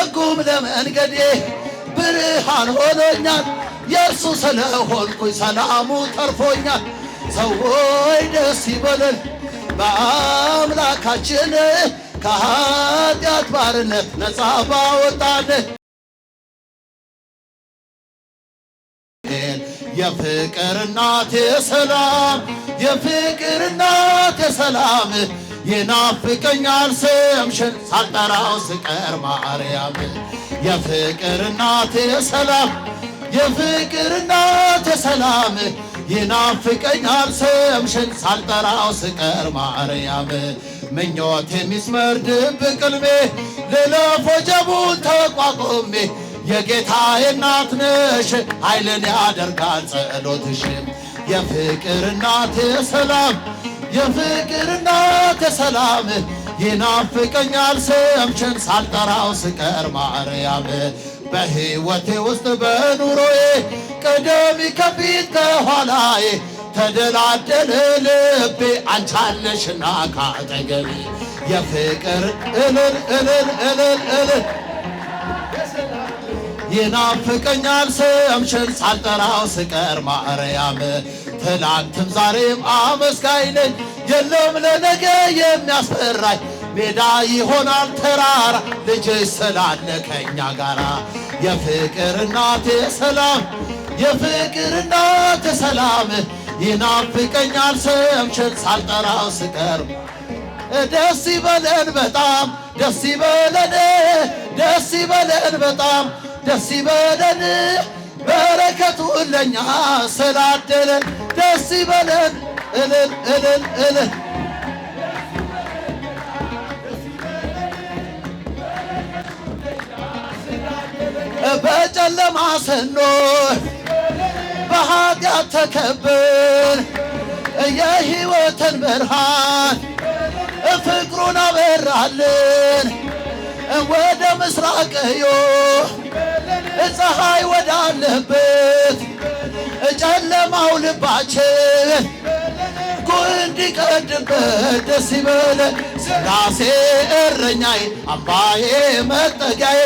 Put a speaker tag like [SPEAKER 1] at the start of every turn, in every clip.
[SPEAKER 1] ሕጉም ለመንገዴ ብርሃን ሆኖኛል። የእርሱ ስለሆንኩኝ ሰላሙ ተርፎኛል። ሰዎች ደስ ይበለን በአምላካችን ከኃጢአት ባርነት ነፃ ባወጣን የፍቅር እናቴ ሰላም የፍቅር እናቴ ሰላም ይናፍቀኛል ስምሽን ሳልጠራው ስቀር ማርያም የፍቅር እናቴ ሰላም የፍቅር እናቴ ሰላም ይናፍቀኛል ስምሽን ሳልጠራው ስቀር ማርያም ምኞት የሚስመር ድብቅ ሕልሜ ልለፎ ጀቡን ተቋቁሜ የጌታ እናት ነሽ ኃይልን ያደርጋል ጸሎትሽ የፍቅር እናቴ ሰላም የፍቅርና ከሰላም ይናፍቀኛል ስምሽን ሳልጠራው ስቀር ማርያም በሕይወቴ ውስጥ በኑሮዬ ቀደም ከፊት ከኋላዬ ተደላደለ ልቤ አንቺ አለሽና የፍቅር እልል እልል እልል እልል ይናፍቀኛል ስምሽን ሳልጠራው ስቀር ማርያም ትላንትም ዛሬም አመስጋኝ ነኝ። የለም ለነገ የሚያስፈራኝ ሜዳ ይሆናል ተራራ ልጅሽ ስላለ ከኛ ጋራ የፍቅር እናቴ ሰላም የፍቅር እናቴ ሰላም ይናፍቀኛል ስምሽን ሳልጠራው ስቀር ደስ ይበለን በጣም ደስ ይበለን ደስ ይበለን በጣም ደስ ይበለን በረከቱ ለኛ ስላደለ ደስ ይበለን እልል እልል እልል በጨለማ ስኖር በኃጢአት ተከብር የሕይወትን ብርሃን ፍቅሩን አበራልን ወደ ምስራቅ እዮ ፀሐይ ወዳለበት ጨለማው ልባችን ጉድ እንዲቀድበት ደስ ይበለን። ሥላሴ እረኛዬ አምባዬ መጠጊያዬ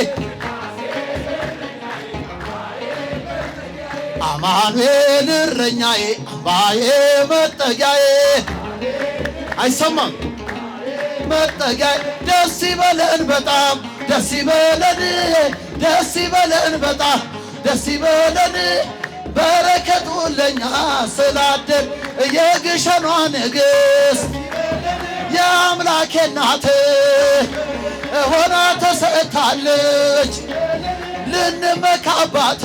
[SPEAKER 1] አማኑኤል እረኛዬ አምባዬ መጠጊያዬ አይሰማም መጠጊያዬ ደስ ይበለን በጣም ደስ ይበለን ደስ ይበለን በጣም ደስ ይበለን በረከቱ ለኛ ስላደር የግሸኗ ንግሥት የአምላኬ እናት ሆና ተሰጥታለች ልንመካባት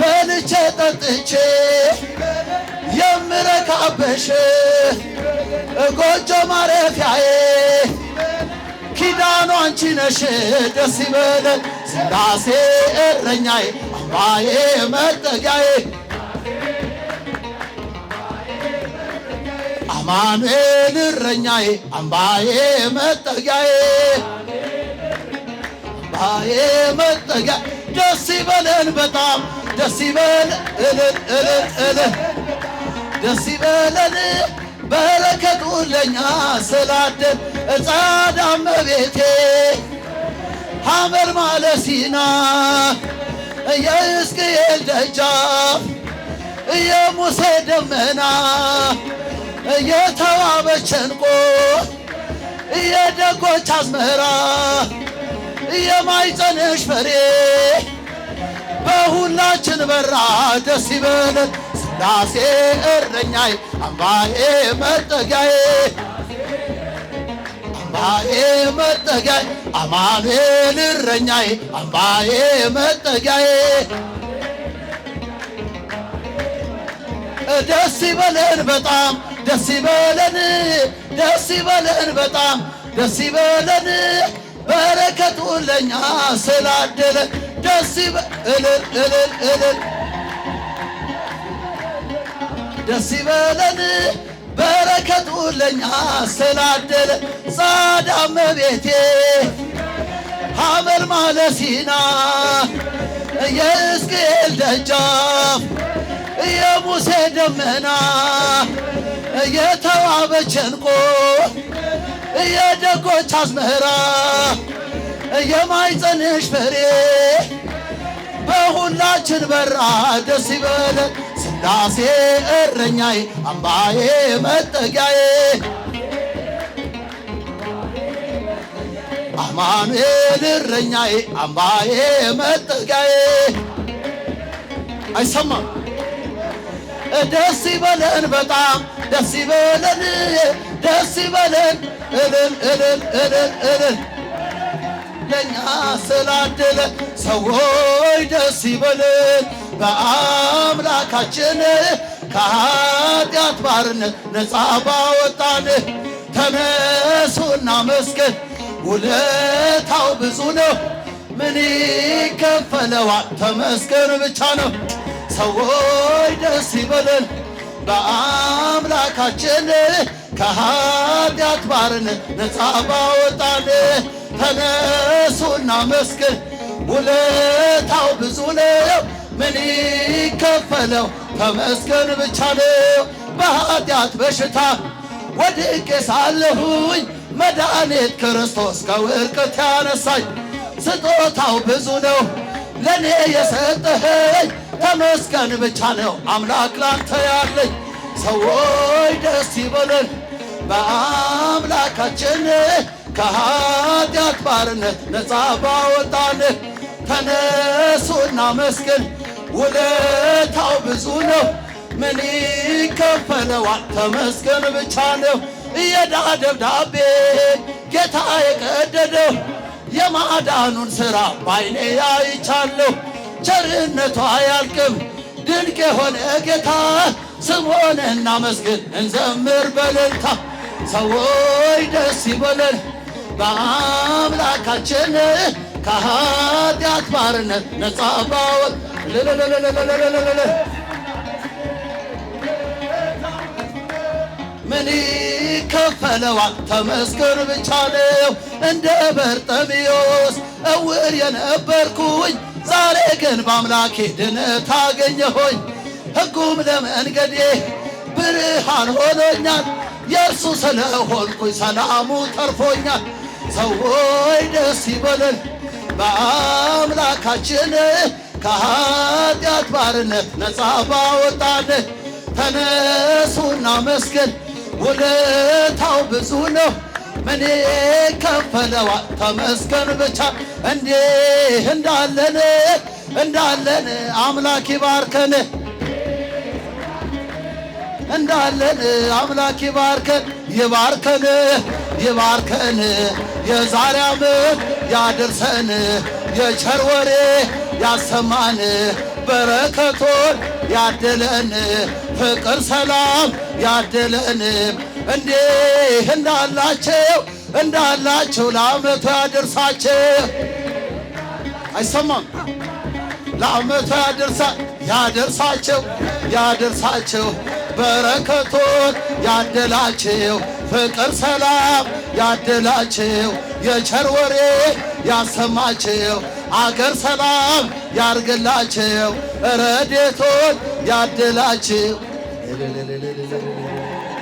[SPEAKER 1] በልቼ ጠጥቼ የምረካበሽ ጎጆ ማረፊያዬ ኪዳኑ አንቺ ነሽ። ደስ ይበለን ስላሴ እረኛዬ አምባዬ መጠጊያዬ አማኑኤል እረኛዬ አምባዬ መጠጊያዬ አምባዬ መጠጊያ ደስ ይበለን በጣም ደስ ይበል እልል እልል እልል ደስ ይበለን በረከቱ ለኛ ስላደን እጻዳ እመቤቴ ሐመር ማለሲና የሕዝቅኤል ደጃፍ የሙሴ ደመና የተዋበች እንቆ የደጎች አዝመራ የማይጸንሽ ፍሬ በሁላችን በራ ደስ ይበለን ዳሴ እረኛዬ አምባዬ መጠጊያዬ አምባዬ መጠጊያዬ አማኑኤል እረኛዬ አምባዬ መጠጊያዬ ደስ ይበለን በጣም ደስ ይበለን ደስ ይበለን በጣም ደስ ይበለን በረከቱ ለኛ ስላደለ ደስ ይበለን ደስ ይበለን በረከቱ ለኛ አስተላደለ ጻዳ መቤቴ ሐመር ማለሲና የሕዝቅኤል ደጃፍ የሙሴ ደመና የተዋበ ሸንቆ የደጎች አዝመራ የማይጸንሽ ፍሬ በሁላችን በራ ደስ ይበለን ዳሴ እረኛዬ አምባዬ መጠጊያዬ አማኑኤል እረኛዬ አምባዬ መጠጊያዬ አይሰማም። ደስ ይበለን በጣም ደስ ይበለን ደስ ይበለን እልል እልል እልል እልል ጓደኛ ስላደለ ሰዎች ደስ ይበልን በአምላካችን ከኃጢአት ባርነት ነፃ ባወጣን ተነሱና መስገን ውለታው ብዙ ነው፣ ምን ይከፈለዋል? ተመስገን ብቻ ነው። ሰዎች ደስ ይበልን በአምላካችን ከኃጢአት ባርነት ነፃ ባወጣን ተነሱና መስክን ውለታው ብዙ ነው። ምን ይከፈለው ተመስገን ብቻ ነው። በኃጢአት በሽታ ወድቄ ሳለሁኝ መድኃኒት ክርስቶስ ከውድቀት ያነሳኝ ስጦታው ብዙ ነው ለእኔ የሰጠኸኝ ተመስገን ብቻ ነው አምላክ ላንተ ያለኝ ሰዎች ደስ ይበለን በአምላካችን ከኃጢአት ባርነት ነፃ ባወጣን ተነሱና መስገን ውለታው ብዙ ነው። ምን ይከፈለዋል? ተመስገን ብቻ ነው። እየዳ ደብዳቤ ጌታ የቀደደው የማዳኑን ሥራ ባይኔ አይቻለሁ። ቸርነቷ አያልቅም ድንቅ የሆነ ጌታ ስምሆን እናመስግን እንዘምር በልልታ ሰዎች ደስ ይበለን በአምላካችን ከኃጢአት ባርነት ነጻ ባወጥ ምን ይከፈለዋል? ተመስገን ብቻ ነው። እንደ በርጤሜዎስ እውር የነበርኩኝ ዛሬ ግን በአምላኬ ድነት አገኘሁኝ። ሕጉም ለመንገዴ ብርሃን ሆኖኛል። የእርሱ ስለሆንኩኝ ሰላሙ ተርፎኛል። ሰዎች ደስ ይበለን በአምላካችን ከኃጢአት ባርነት ነፃ ባወጣን። ተነሱና መስገን ውለታው ብዙ ነው። ምን ከፈለዋ ተመስገን ብቻ እንዲህ እንዳለን እንዳለን አምላክ ይባርከን። እንዳለን አምላክ ይባርከን ይባርከን ይባርከን የዛሬ ዓመት ያደርሰን የቸር ወሬ ያሰማን በረከቶን ያደለን ፍቅር ሰላም ያደለን እንዲህ እንዳላቸው እንዳላቸው ለዓመቱ ያደርሳቸው አይሰማም ለዓመቱ ያደርሳ ያደርሳቸው ያደርሳቸው በረከቶን ያድላችሁ፣ ፍቅር ሰላም ያድላችሁ፣ የቸር ወሬ ያሰማችሁ፣ አገር ሰላም ያርግላችሁ፣ ረዴቶን ያድላችሁ